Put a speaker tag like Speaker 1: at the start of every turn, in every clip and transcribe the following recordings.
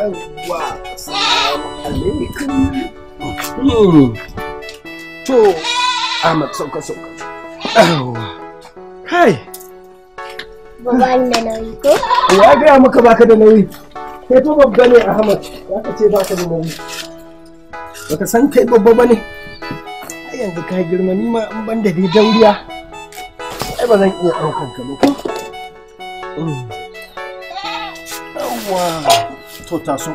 Speaker 1: yawwa alaikum to ahmad sauka sauka yawwa kai
Speaker 2: ba da nauyi ko
Speaker 1: ya gaya maka baka da nauyi kai fa babba ne ahmad Ya ka ce baka da nauyi baka san kai babba ba ne ai yanzu ka girma ni ma an ban da dai dauriya ai ba zan iya ɗaukan ka ba ko mm. yawwa to taso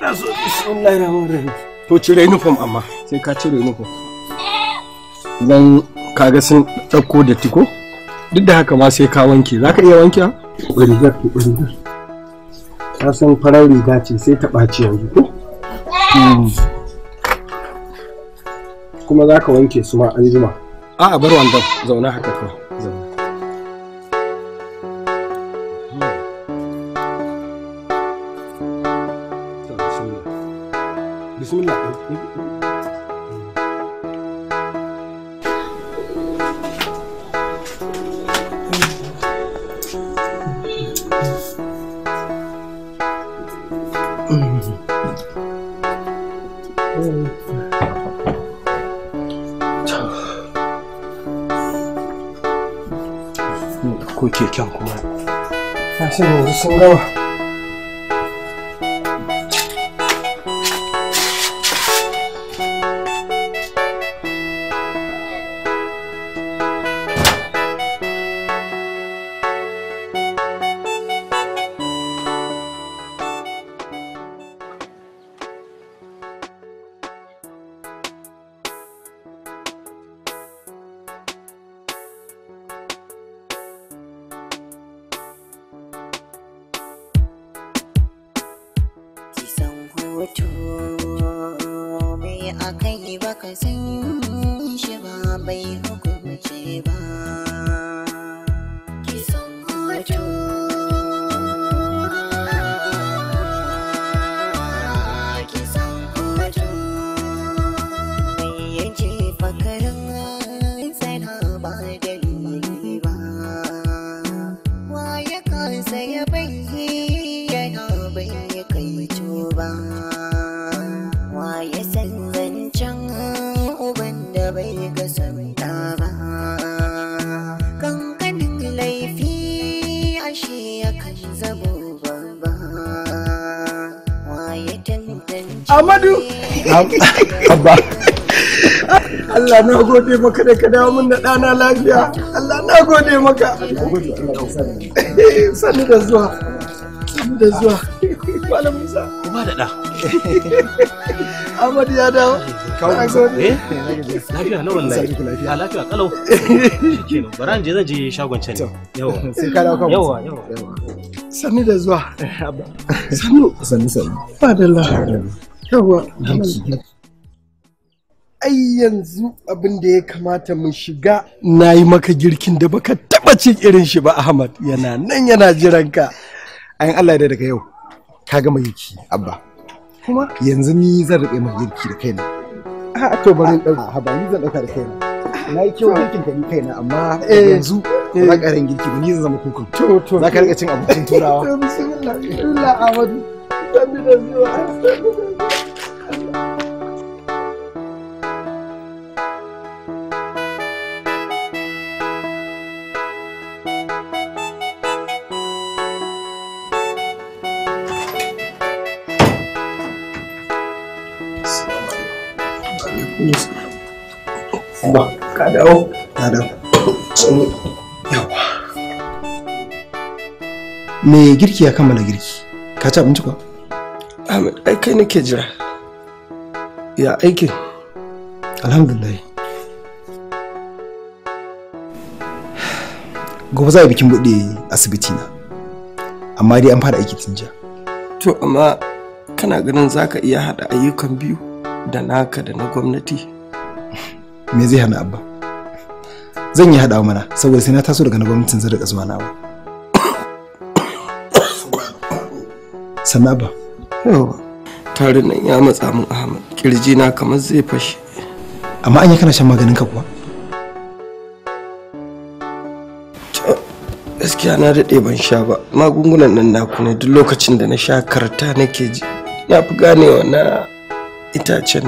Speaker 1: taso bismillahir rahmanir rahim to cire uniform amma sai ka cire uniform nan kaga sun dauko da tiko duk da haka ma sai ka wanke zaka iya wanke rigar ko rigar ka san farar riga ce sai ta ɓaci yanzu ko hmm. kuma zaka wanke su ma anjima a'a bar wandan zauna haka kawai 铁匠铺外，发现了我的身高。
Speaker 2: fito uban da bai ba kankanin
Speaker 1: amadu Allah na gode maka da ka dawo min da ɗana lafiya. Allah na gode maka. Eh, sani da zuwa. sani da zuwa. Malam ba da ɗa. Ahmad ya dawo. Kawo a eh? gode. Lafiya na wani A lafiya kalau. Shikenan bara je zan je shagon can.
Speaker 2: Yawa. Sai ka dawo Yawa
Speaker 1: yawa. Sannu da zuwa. Sannu. Sannu sannu. Fadalla. Yawa. Ai yanzu abin da ya kamata mu shiga na yi maka girkin da baka taɓa cin irin shi ba Ahmad yana nan yana jiranka. Ayin Allah da daga yau. ka gama girki abba kuma yanzu ni zan rike mai girki da kaina a to bari dauka ha ba ni zan dauka da kaina na yi kyau girkin ka ni kaina amma eh. yanzu na karin eh. girki ba ni zan zama kukun to to za ka rika cin abincin turawa bismillah bismillah ahmadu dan
Speaker 2: da zuwa
Speaker 1: me girki ya kammala girki ka ci abinci kuwa ahmed ai kai nake jira ya aikin alhamdulillah gobe za a bikin buɗe asibiti na amma dai an fara aiki tun jiya to amma kana ganin za ka iya haɗa ayyukan biyu da naka da na gwamnati me zai hana abba zan yi haɗa mana saboda sai na taso daga na gwamnatin zai da zuwa na ba sanaba yawa tarin nan ya matsa min ahmad kirji na kamar zai fashe amma an yi kana shan maganin ka kuwa gaskiya na daɗe ban sha ba magungunan nan na kuna duk lokacin da na sha karta nake ji na fi ganewa na itacen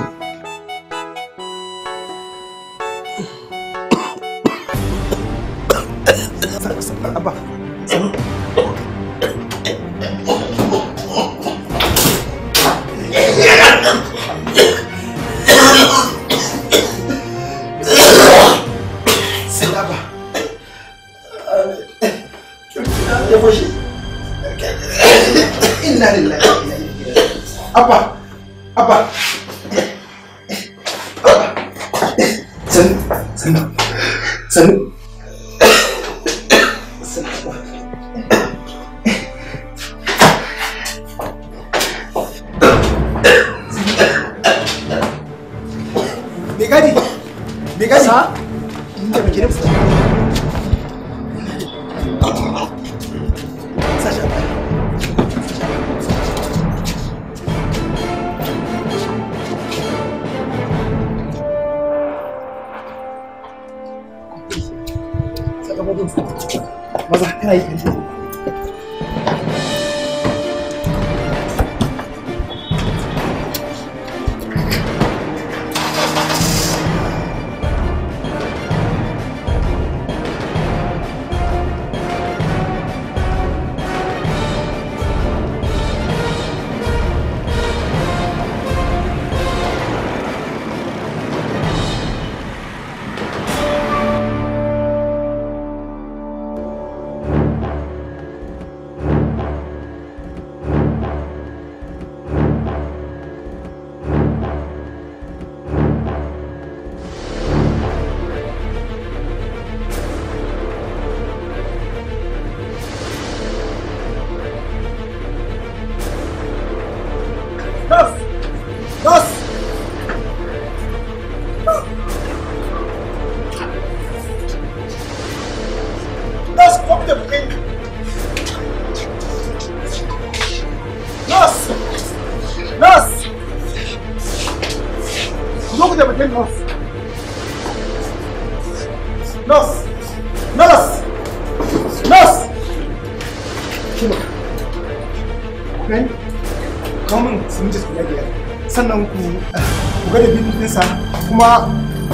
Speaker 1: kuma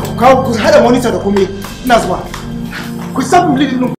Speaker 2: ku kawo ku hada monitor da kome ina zuwa ku san bleeding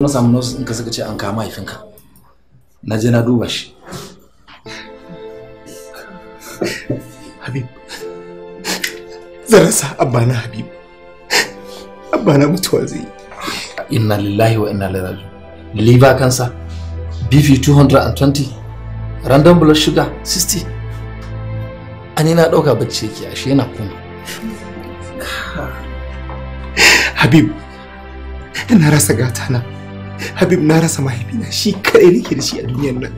Speaker 2: na samu in ka suka ce an kama ka. na je na duba shi
Speaker 1: habib zan rasa abba na habib abba na mutuwa zai yi inna lillahi wa inna ilaihi raji'un liver cancer bp 220 random blood sugar 60 ani na ɗauka bacci yake ashe yana kuma habib ina rasa gata na habib na rasa mahaifina shi kadai nake da shi a duniyar nan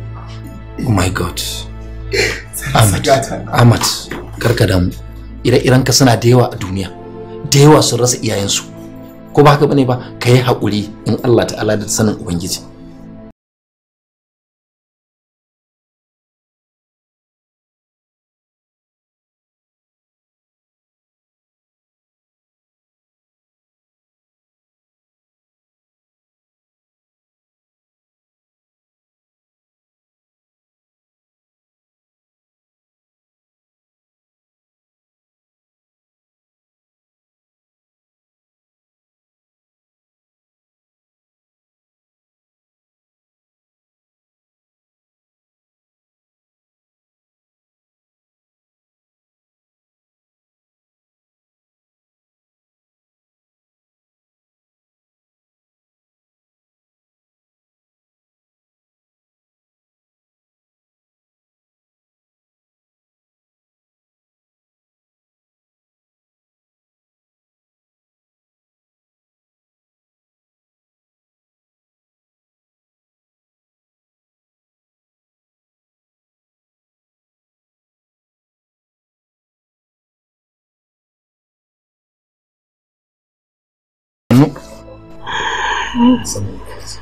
Speaker 1: oh my god Ahmad, Ahmad, karka damu ire-iren ka suna da
Speaker 2: yawa a duniya da yawa sun rasa iyayensu ko ba haka bane ba ka yi haƙuri in allah ta'ala da sanin ubangiji Saboda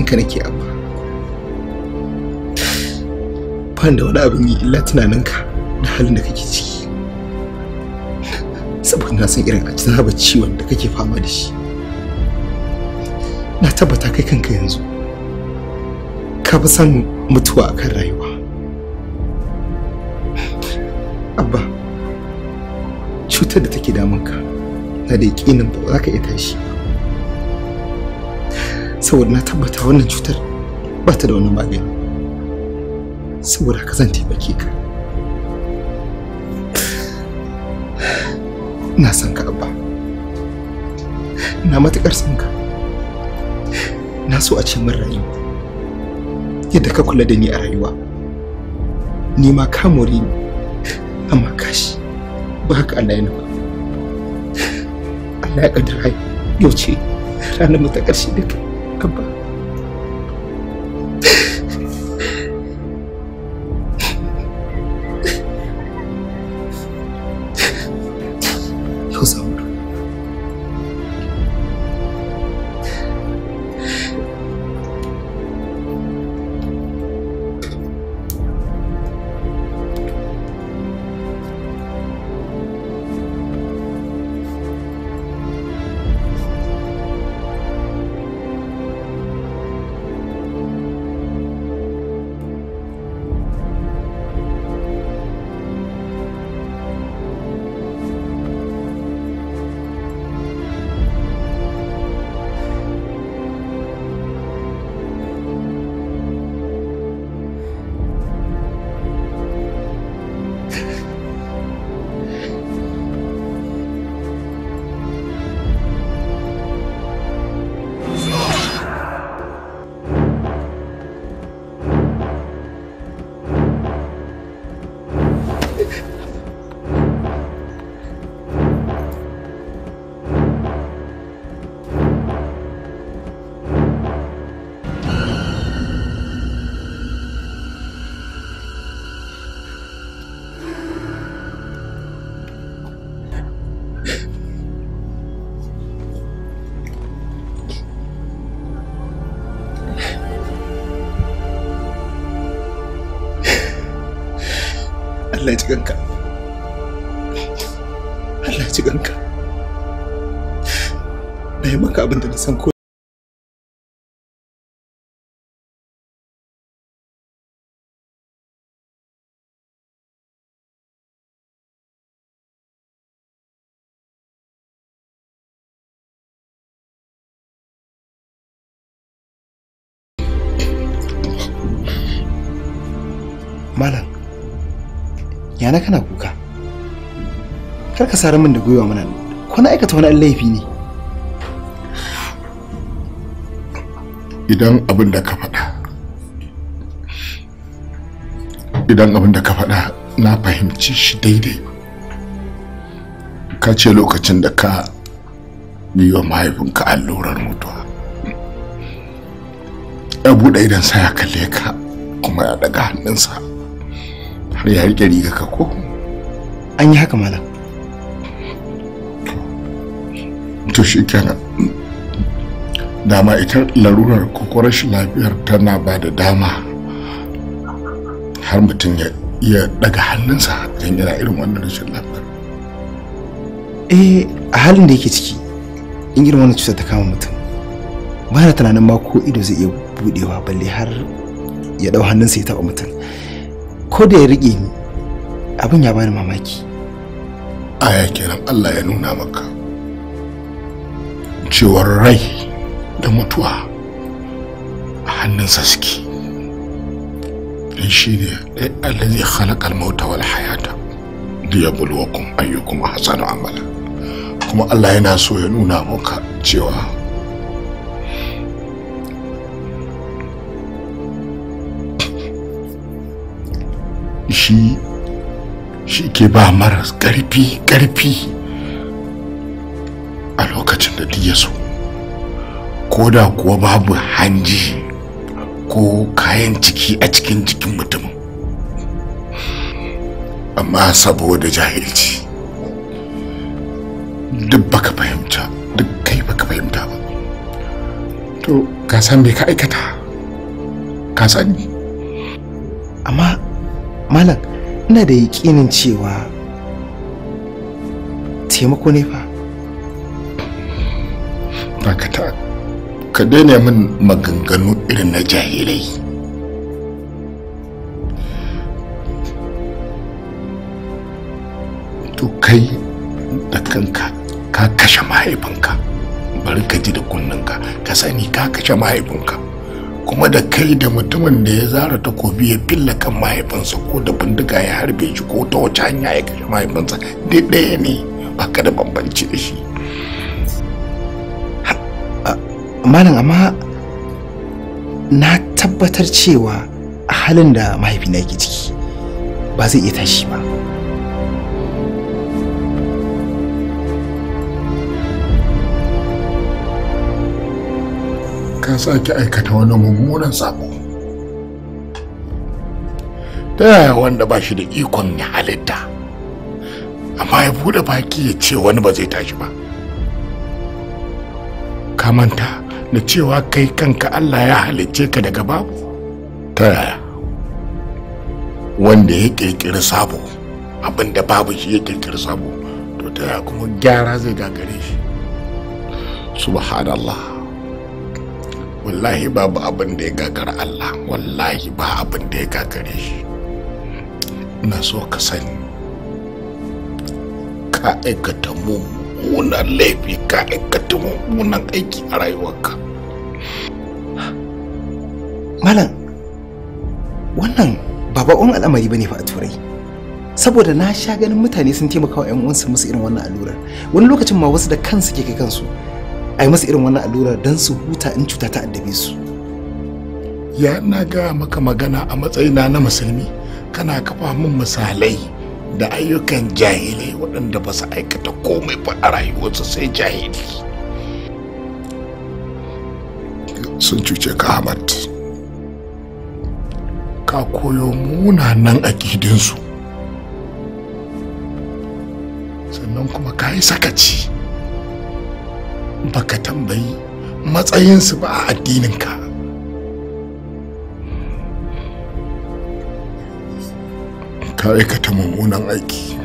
Speaker 1: matsayinka nake abba ban da wani abin yi illa tunaninka da halin da kake ciki saboda na san irin azabar ciwon da kake fama da shi na tabbata kai kanka yanzu ka fi son mutuwa kan rayuwa abba cutar da take damunka na da yaƙinin ba za ka iya tashi saboda na tabbata wannan cutar ba ta da wani magani saboda ka zan taimake ka na san ka abba na matuƙar san ka na so a ce min rayuwa yadda ka kula da ni a rayuwa ni ma ka mori ni amma kashi ba haka Allah ya nufa Allah ya ƙaddara yau ce ranar mu shi ƙarshe da goodbye. Allah ya ji ganka
Speaker 2: Allah ya ganka na yi maka abin da na san ko Malam, yana kana kuka
Speaker 1: kar ka sarar min da gwiwa mana na aikata wani laifi ne
Speaker 3: idan abin da ka faɗa idan abin da ka faɗa na fahimci shi daidai ka ce lokacin da ka yi wa mahaifinka allurar mutuwa ya buɗe idan sa ya kalle ka kuma ya daga hannunsa ya rike riga ka ko an yi haka malam to shi kenan dama ita larurar ko rashin lafiyar tana ba da dama har mutum ya iya daga hannunsa idan yana irin wannan rashin lafiyar
Speaker 1: eh a halin da yake ciki in irin wannan cutar ta kama mutum ba na tunanin ma ko ido zai iya budewa balle har ya dau hannunsa ya taba mutum ko da ya riƙe ni abin ya bani mamaki aya kenan allah ya nuna maka cewar rai
Speaker 3: da mutuwa a hannunsa suke don shi ne allah zai halakar wal hayata da ya bulwa kuma hasanu amala kuma allah yana so ya nuna maka cewa shi shi ke ba mara ƙarfi ƙarfi a lokacin da duk ya so ko da kuwa babu hanji ko kayan ciki a cikin jikin mutum amma saboda jahilci duk baka fahimta duk kai baka fahimta ba
Speaker 1: to ka san me ka aikata ka sani amma malam ina da yaƙinin cewa taimako ne fa dakata
Speaker 3: ka daina min maganganu irin na jahilai to kai da kanka ka kashe mahaifinka bari ka ji da kunninka ka sani ka kashe mahaifinka kuma da kai da mutumin da ya zara takobi ya billa kan mahaifinsa ko da bindiga ya harbe shi ko ta wace hanya ya kashe mahaifinsa
Speaker 1: duk ɗaya ne ba ka da bambanci da shi malam amma na tabbatar cewa halin da mahaifina yake ciki ba zai iya tashi ba
Speaker 3: sake aikata wani mummunan sabo ta yaya wanda ba shi da ikon ya halitta amma ya bude baki ya ce wani ba zai tashi ba ka manta da cewa kai kanka allah ya halicce ka daga babu ta yaya wanda ya kirkiri sabo abinda babu shi ya kirkiri sabo to ta yaya kuma gyara zai gagare shi subhanallah wallahi babu abin da ya gagara Allah wallahi ba abin da ya gagare shi ina so ka sani ka aikata mummunan laifi ka aikata mummunan aiki a rayuwarka
Speaker 1: malam wannan ba babban al'amari bane fa a turai saboda na sha ganin mutane sun taimaka wa 'yan uwansu musu irin wannan allurar wani lokacin ma wasu da kansu ke kai kansu a yi masa irin wannan allura don su huta in cuta ta addabe su ya na gaya maka magana
Speaker 3: a matsayina na musulmi kana kafa min misalai da ayyukan jahilai waɗanda ba su aikata komai ba a rayuwarsu sai jahili sun cuce ka Ahmad ka koyo munanan akidinsu sannan kuma ka yi sakaci baka tambayi matsayinsu ba a addininka ka aikata mummunan aiki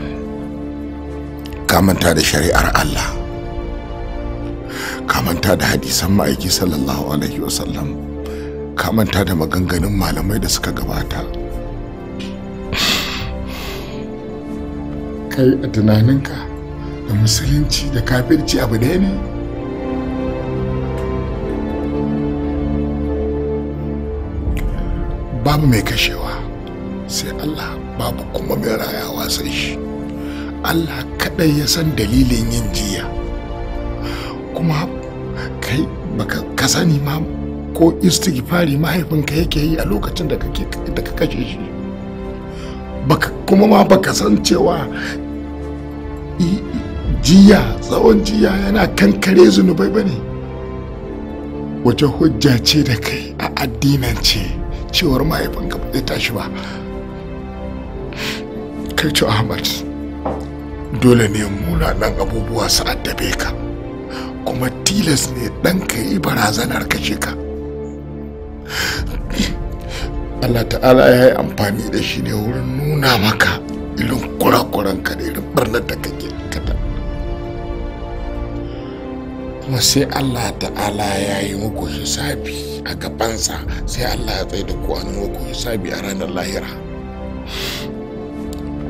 Speaker 3: ka manta da shari'ar Allah ka manta da hadisan ma'aiki sallallahu alaihi wasallam ka manta da maganganun malamai da suka gabata kai a tunaninka da musulunci da kafirci abu ɗaya ne babu mai kashewa sai Allah babu kuma mai rayawa sai shi Allah kadai ya san dalilin yin jiya kuma kai baka ka sani ma ko istighfari mahaifinka yake yi a lokacin da kake da ka kashe shi baka kuma ma baka san cewa jiya tsawon jiya yana kankare zunubai bane wace hujja ce da kai a addinance cewar mahaifinka ba zai tashi ba kai ci ahmad dole ne munanan abubuwa su addabe ka kuma tilas ne ɗanka yi barazanar kashe ka Allah ta'ala ya yi amfani da shi ne wurin nuna maka irin kurakuran ka da irin barnar da kake kuma sai Allah ta'ala ya yi muku hisabi a gabansa sai Allah ya tsaye da ku an muku hisabi a ranar lahira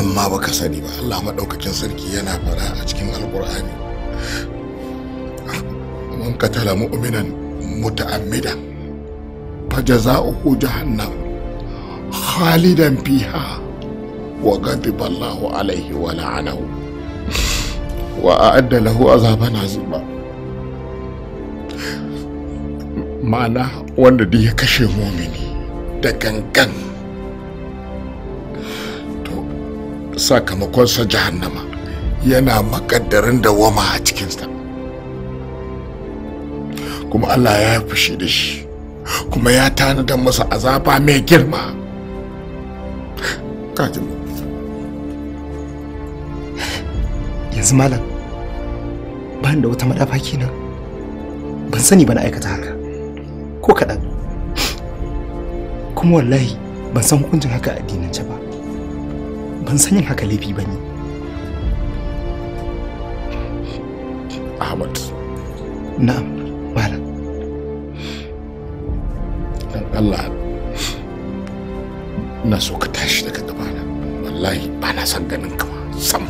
Speaker 3: amma ba ka sani ba Allah maɗaukakin sarki yana fara a cikin alkur'ani man katala mu'minan muta'ammidan fajaza'uhu jahannam khalidan fiha wa ghadiba Allahu alaihi wa la'anahu wa a'adda lahu azaban azima ma'ana wanda duk ya kashe momini da gangan to sakamakonsa jahannama yana makaddarin wama a cikinsa kuma allah ya fushi da shi kuma ya tanadar masa azaba mai girma
Speaker 1: kaji yanzu malam ban da wata madafa kenan ban sani ba na aikata haka ko kaɗan kuma wallahi ban san hukuncin haka a addinance ba ban san yin haka laifi ba ne ahmad na'am bala
Speaker 3: allah na so ka tashi daga gabana wallahi ba na san ganin kama sam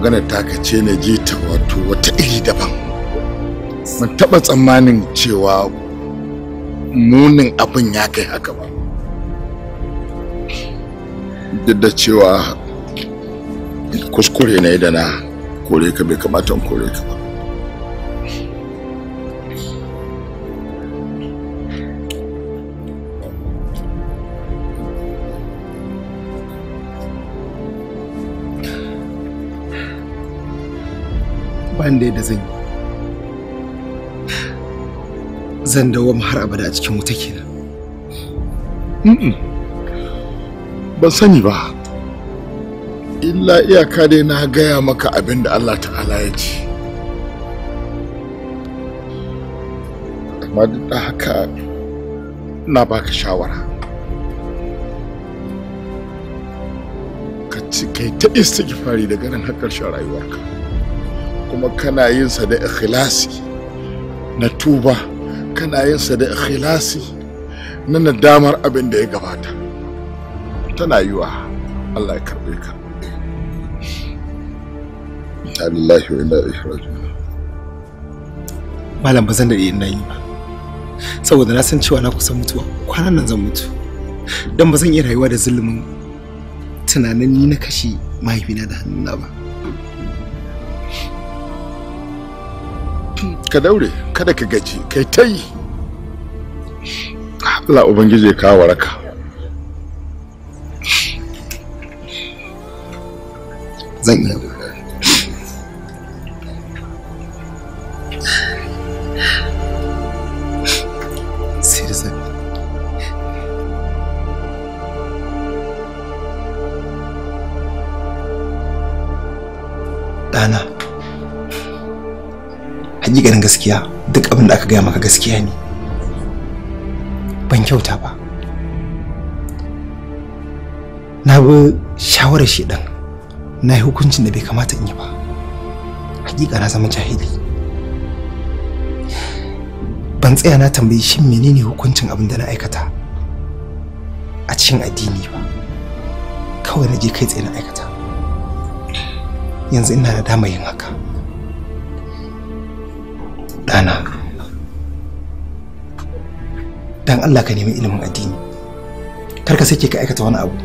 Speaker 3: magana taka ce na ji ta wato wata iri daban mun taɓa tsammanin cewa munin abin ya kai haka ba duk da cewa kuskure ne da na kore ka bai kamata in kore ka ba
Speaker 1: da yadda zan yi zan dawo har abada a cikin wuta kenan ban sani ba
Speaker 3: illa iyaka dai na gaya maka abin da Allah ta'ala ya ce amma duk da haka na baka shawara ka ci kai ta istighfari daga nan har ƙarshen rayuwarka kuma kana yin sa da ikhlasi na tuba kana yin sa da ikhlasi na nadamar abin da ya gabata tana yiwa Allah ya karbe ka lillahi wa inna ilaihi raji'un
Speaker 1: malam ba zan da yin nayi ba saboda na san cewa na kusa mutuwa kwanan nan zan mutu dan ba zan iya rayuwa da zulumin tunanin ni na kashe mahaifina da hannuna ba
Speaker 3: ka daure kada ka gaji kai ta yi Allah ubangiji ya kawo waraka
Speaker 1: zan iya ɗana hakikanin gaskiya duk abin da aka gaya maka gaskiya ne ban kyauta ba na bi shawarar shi ɗan na yi hukuncin da bai kamata in yi ba hakika na zama jahili ban tsaya na tambayi shin menene hukuncin abin da na aikata a cikin addini ba kawai na je kai tsaye na aikata yanzu ina da dama yin haka ɗana dan Allah ka nemi ilimin addini kar ka sake ka aikata wani abu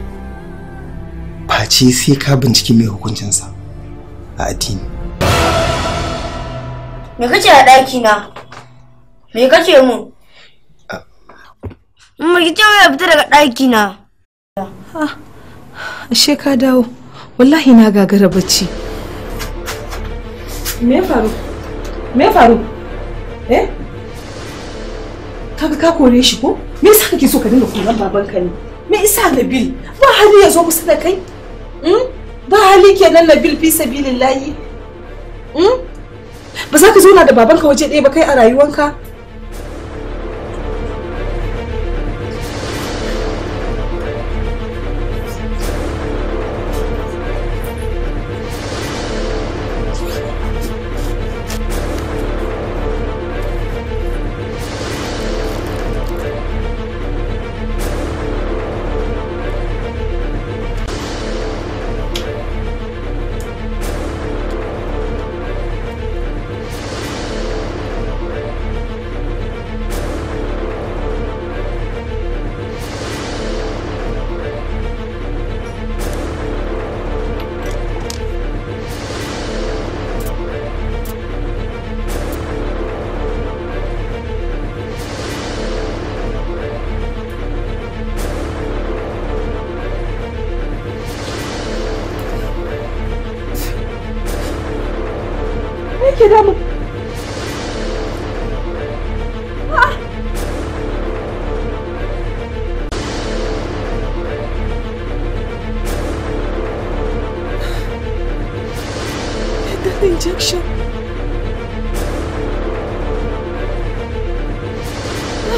Speaker 1: face sai ka binciki mai hukuncinsa a addini
Speaker 2: me kake a ɗaki na me kake mun ah. mu ki ce ya fita daga ɗaki na ashe ka dawo wallahi na gagara bacci me faru me faru eh kaga ka kore shi ko me yasa kake so ka dinga koran babanka ne me yasa Nabil ba hali ya zo kusa da kai hmm? ba hali kenan Nabil fi sabilillahi hmm? ba za ka zauna da babanka waje ɗaya ba kai a rayuwanka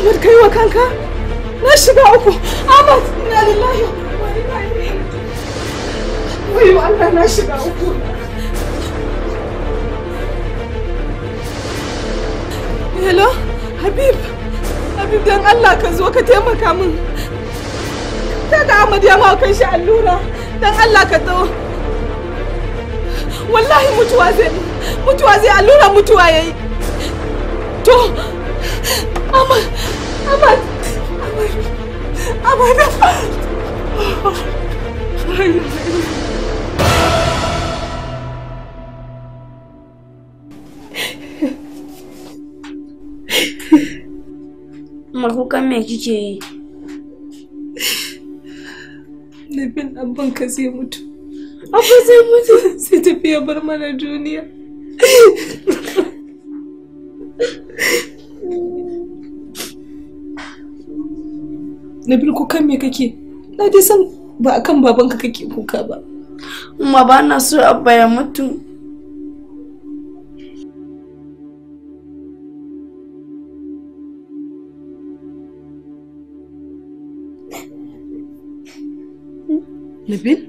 Speaker 2: Ahmad kai wa kanka? Na shiga uku. Ahmad,
Speaker 1: na lillahi wa Allah na shiga
Speaker 2: uku. Hello, Habib. Habib dan Allah ka zo ka taimaka min. Kaga Ahmad ya ma kan shi allura. Dan Allah ka zo. Wallahi mutuwa zai mutuwa zai allura mutuwa yayi. To, Ahmad abada makukan me kike yi nufin abban ka zai mutu zai mutu sai tafiya bar mana duniya Nabil kukan me kake? Na dai san ba akan babanka kake kuka ba. Amma ba na so abba ya mutu. Nabil,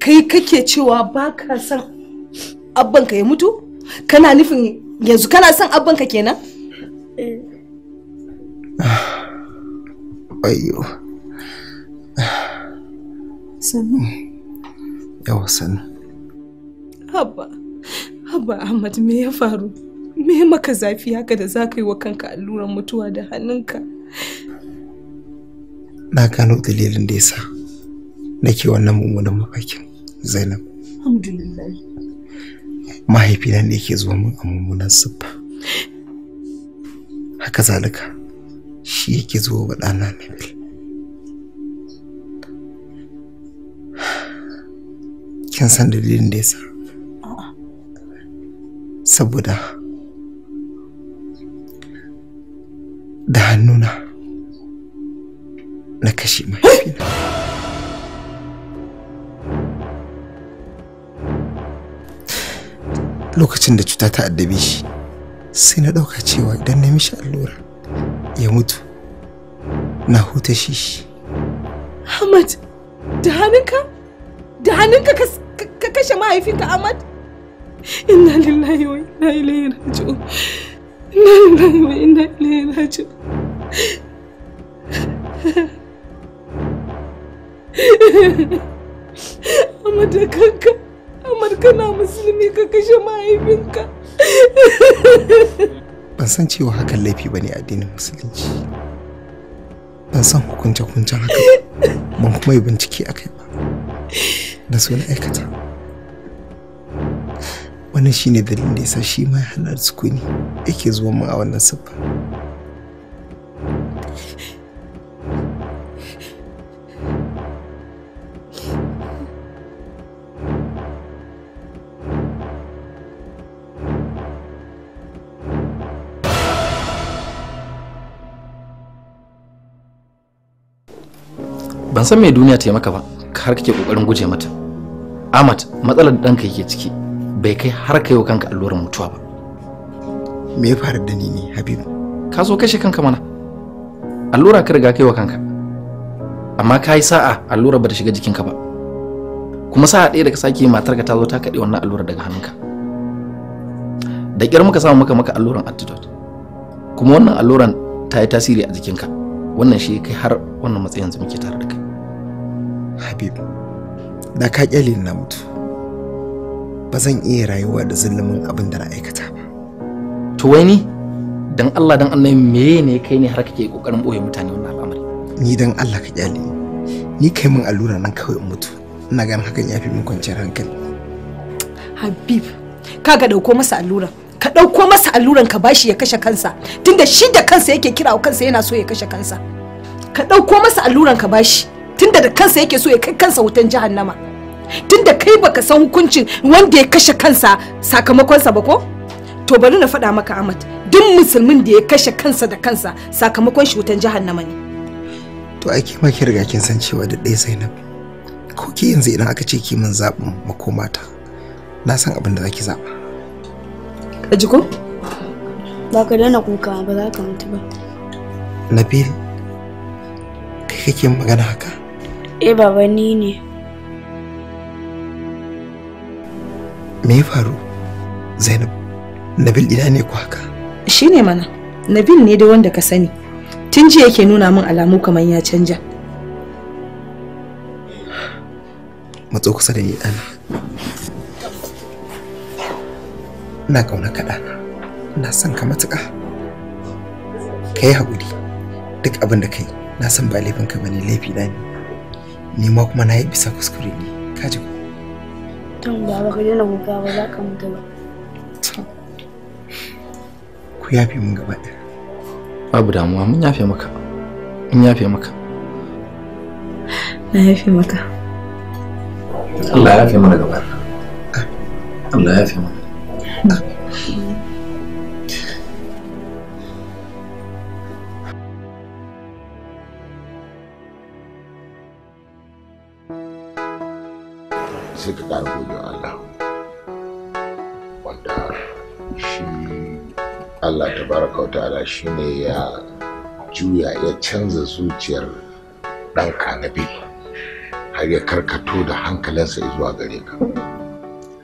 Speaker 2: kai kake cewa ba ka son abbanka ya mutu? Kana nufin yanzu kana son abbanka kenan? ayyo sannu yawa sannu haba haba ahmad me ya faru me maka zafi haka da za ka yi wa kanka alluran mutuwa da hannunka
Speaker 1: na gano dalilin da yasa nake wannan mummunan mafakin zainab
Speaker 2: alhamdulillah
Speaker 1: mahaifina ne yake zuwa mun a mummunan siffa haka zalika shi yake zo wa ɗana nabil kin san dalilin da ya sa saboda da hannuna na kashe mahaifina lokacin da cuta ta addabe shi sai na ɗauka cewa idan na mishi allura ya mutu na huta shi
Speaker 2: Ahmad da hannunka da hannunka ka kashe mahaifinka Ahmad inna lillahi wa inna ilaihi raji'un inna lillahi wa inna ilaihi raji'un Ahmad da kanka Ahmad kana musulmi ka kashe mahaifinka
Speaker 1: ban san cewa hakan laifi bane addinin musulunci ban san hukunce-hukuncen haka ban kuma yi bincike a kai ba na so na aikata wannan shine dalilin da yasa shi ma ya hana sukuni yake zuwa mu a wannan siffa ban san mai duniya ta yi maka ba har kake kokarin guje mata amat matsalar da ɗanka yake ciki bai kai har kai wa kanka allurar mutuwa ba me ya faru da ni ne habibu ka so kashe kanka mana allura ka riga kai wa kanka amma ka yi sa'a allura ba ta shiga jikinka ba kuma sa'a ɗaya daga ka matar ka ta zo ta kaɗe wannan allura daga hannunka da ƙyar muka samu muka maka alluran antidote kuma wannan alluran ta yi tasiri a jikinka wannan shi kai har wannan matsayin yanzu muke tare da kai Habib, da ka kyale na mutu. Ba zan iya rayuwa da zulumin abin da na aikata ba. To wai ni? Dan Allah dan Allah me ne kai ne har kake kokarin boye mutane wannan al'amari? Ni dan Allah ka kyale ni. Ni kai min allura nan kawai in mutu. Ina ganin hakan yafi min kwanciyar hankali.
Speaker 2: Habib, kaga dauko masa allura. Ka dauko masa alluran ka bashi ya kashe kansa. Tunda shi da kansa yake kirawo kansa yana so ya kashe kansa. Ka dauko masa alluran ka bashi. tunda da kansa yake so ya kai kansa wutan jahannama tunda kai baka san hukuncin wanda ya kashe kansa sakamakonsa ba ko to bari na faɗa maka amat duk musulmin da ya kashe kansa da kansa sakamakon shi wutan jahannama ne
Speaker 1: to ai ke maki riga kin san cewa da ɗaya zainab ko ki yanzu idan aka ce ki min zaɓin makomata na san abin da zaki zaɓa
Speaker 2: kaji ko ba ka daina kuka ba za ka mutu ba
Speaker 1: nabil kai kake magana haka
Speaker 2: Eh baba ni ne.
Speaker 1: Me faru? Zainab, Nabil ina ne ku haka?
Speaker 2: Shi ne mana, Nabil ne da wanda ka sani. Tun jiya yake nuna min alamu kamar ya canja.
Speaker 1: Matso kusa da ni ɗana. Ina kauna ka ɗana, ina son ka matuƙa. Ka yi haƙuri, duk abin da ka yi, na san ba laifinka ba ne laifi na ne. ni ma kuma na yi bisa kuskure ne ka ji ko
Speaker 2: tun ba ba ka daina kuka ba za ka mutu ba
Speaker 1: ku yafe mun gaba ɗaya babu damuwa mun yafe maka mun yafe
Speaker 2: maka na yafe maka Allah ya yafe mana gaba Allah ya yafe mana
Speaker 3: shine ya juya ya canza zuciyar dan kanabi har ya karkato da hankalinsa zuwa gare ka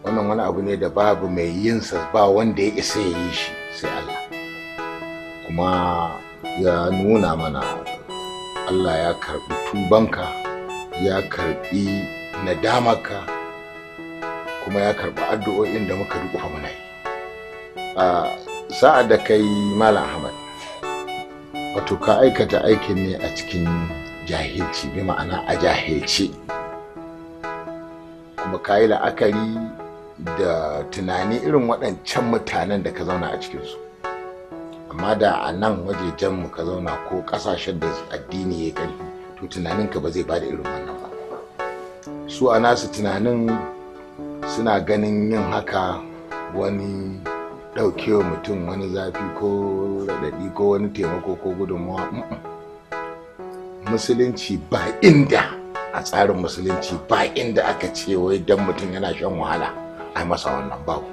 Speaker 3: wannan wani abu ne da babu mai yinsa ba wanda ya isa ya yi shi sai Allah kuma ya nuna mana Allah ya karbi tubanka ya karbi nadamaka kuma ya karbi addu'o'in da muka rukufa muna yi ah, sa'a da kai malam ahmad wato ka aikata aikin ne a cikin jahilci bi ma'ana a jahilci kuma ka yi la'akari da tunani irin waɗancan mutanen da ka zauna a cikinsu amma da a nan wajejenmu ka zauna ko ƙasashen da addini ya ƙarfi to tunaninka ba zai bada irin wannan ba su a nasu tunanin suna ganin yin haka wani ɗaukewa mutum wani zafi ko raɗaɗi ko wani taimako ko gudunmawa musulunci ba inda a tsarin musulunci ba inda aka ce wai dan mutum yana shan wahala Ai masa wannan babu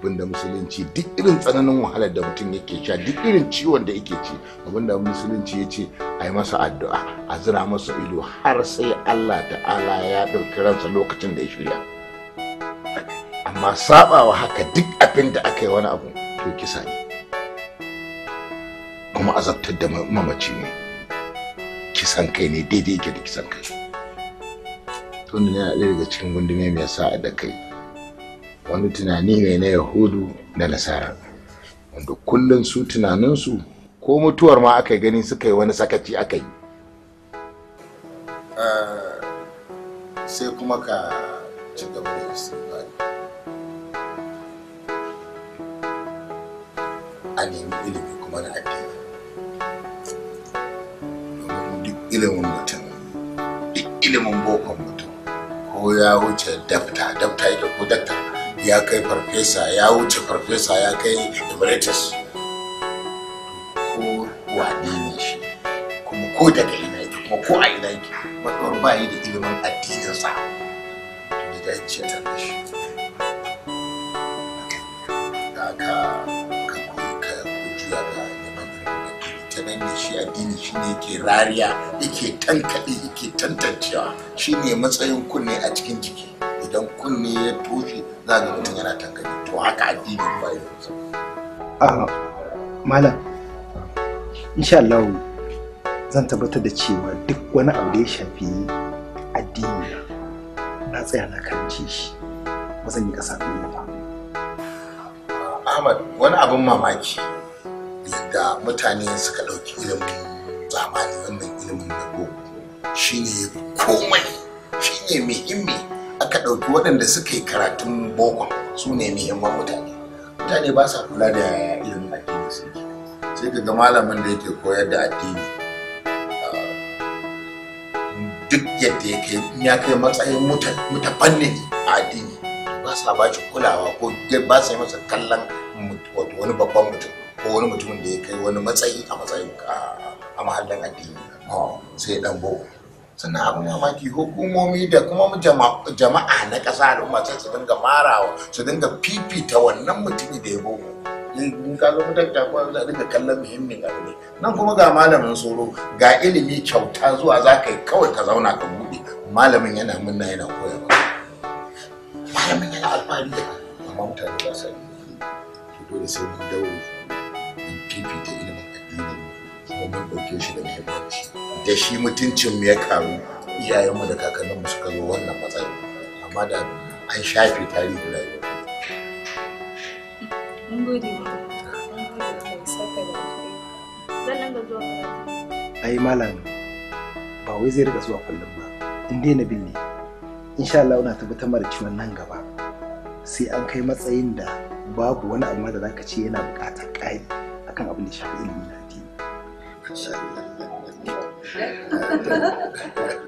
Speaker 3: abinda musulunci duk irin tsananin wahalar da mutum yake sha duk irin ciwon da yake ci abinda musulunci ya ce a yi masa addu'a a zira masa ido har sai allah ta'ala ya ɗauki ransa lokacin da ya shirya amma sabawa haka duk abin da aka yi wani abu to kisa ne kuma azabtar da mamaci ne kisan kai ne daidai ke da kisan kai ne yana ɗaya daga cikin gundume mai sa da kai wani tunani ne na yahudu da nasara wanda kullum su tunaninsu ko mutuwar ma aka gani suka yi wani sakaci aka yi eh, sai kuma ka a nemi ilimi kuma na addini duk ilimin mutum duk ilimin bokon mutum ko ya wuce dafta dafta yake ko dafta ya kai farfesa ya wuce farfesa ya kai emeritus ko wane ne shi kuma ko daga ina yake kuma ko a ina yake bakwar ba yi da ilimin addininsa da ya ce ta shi haka shi addini shi ne ke rariya yake tankaɗe yake tantancewa shi ne matsayin kunne a cikin jiki
Speaker 1: idan kunne ya toshe za ga mutum yana tankaɗe to haka addini ba ya malam insha Allah zan tabbatar da cewa duk wani abu da ya shafi addini na tsaya na karance shi ba zan yi ƙasa ba Ahmad wani abin
Speaker 3: mamaki da mutane suka ɗauki ilimin zamani wannan ilimin da boko shine komai shine muhimmi aka ɗauki waɗanda suka yi karatun boko su ne muhimman mutane mutane ba sa kula da ilimin addini su sai ka ga malamin da yake koyar da addini ah, duk yadda ya kai ya kai matsayin mutafannin a addini ba sa ba shi kulawa ko ba sa yi masa kallon wani babban mutum ko wani mutumin da ya kai wani matsayi a matsayin a mahallin addini hmm. sai dan sannan abin mamaki hukumomi da kuma jama'a na ƙasa da sai su dinga marawa su dinga fifita wannan mutumi da ya boko in ka zo fitar ta kuma za dinga kallon muhimmin abu ne nan kuma ga malamin tsoro ga ilimi kyauta zuwa za ka yi kawai ka zauna ka buɗe malamin yana munna yana koyarwa malamin yana alfahari da amma mutane ba sa yi dole sai mun daure fifita ilimin addini kuma ɗauke shi da muhimmanci da shi mutuncinmu ya karu iyayenmu da kakanninmu suka zo wannan matsayi amma da an shafe tarihi na
Speaker 2: mun
Speaker 1: ai malam ba wai zai rika zuwa kullum ba in dai na binne insha Allah ina tabbatar da ciwon nan gaba sai an kai matsayin da babu wani abu da zaka ce yana buƙatar ƙari akan abin da
Speaker 2: shafi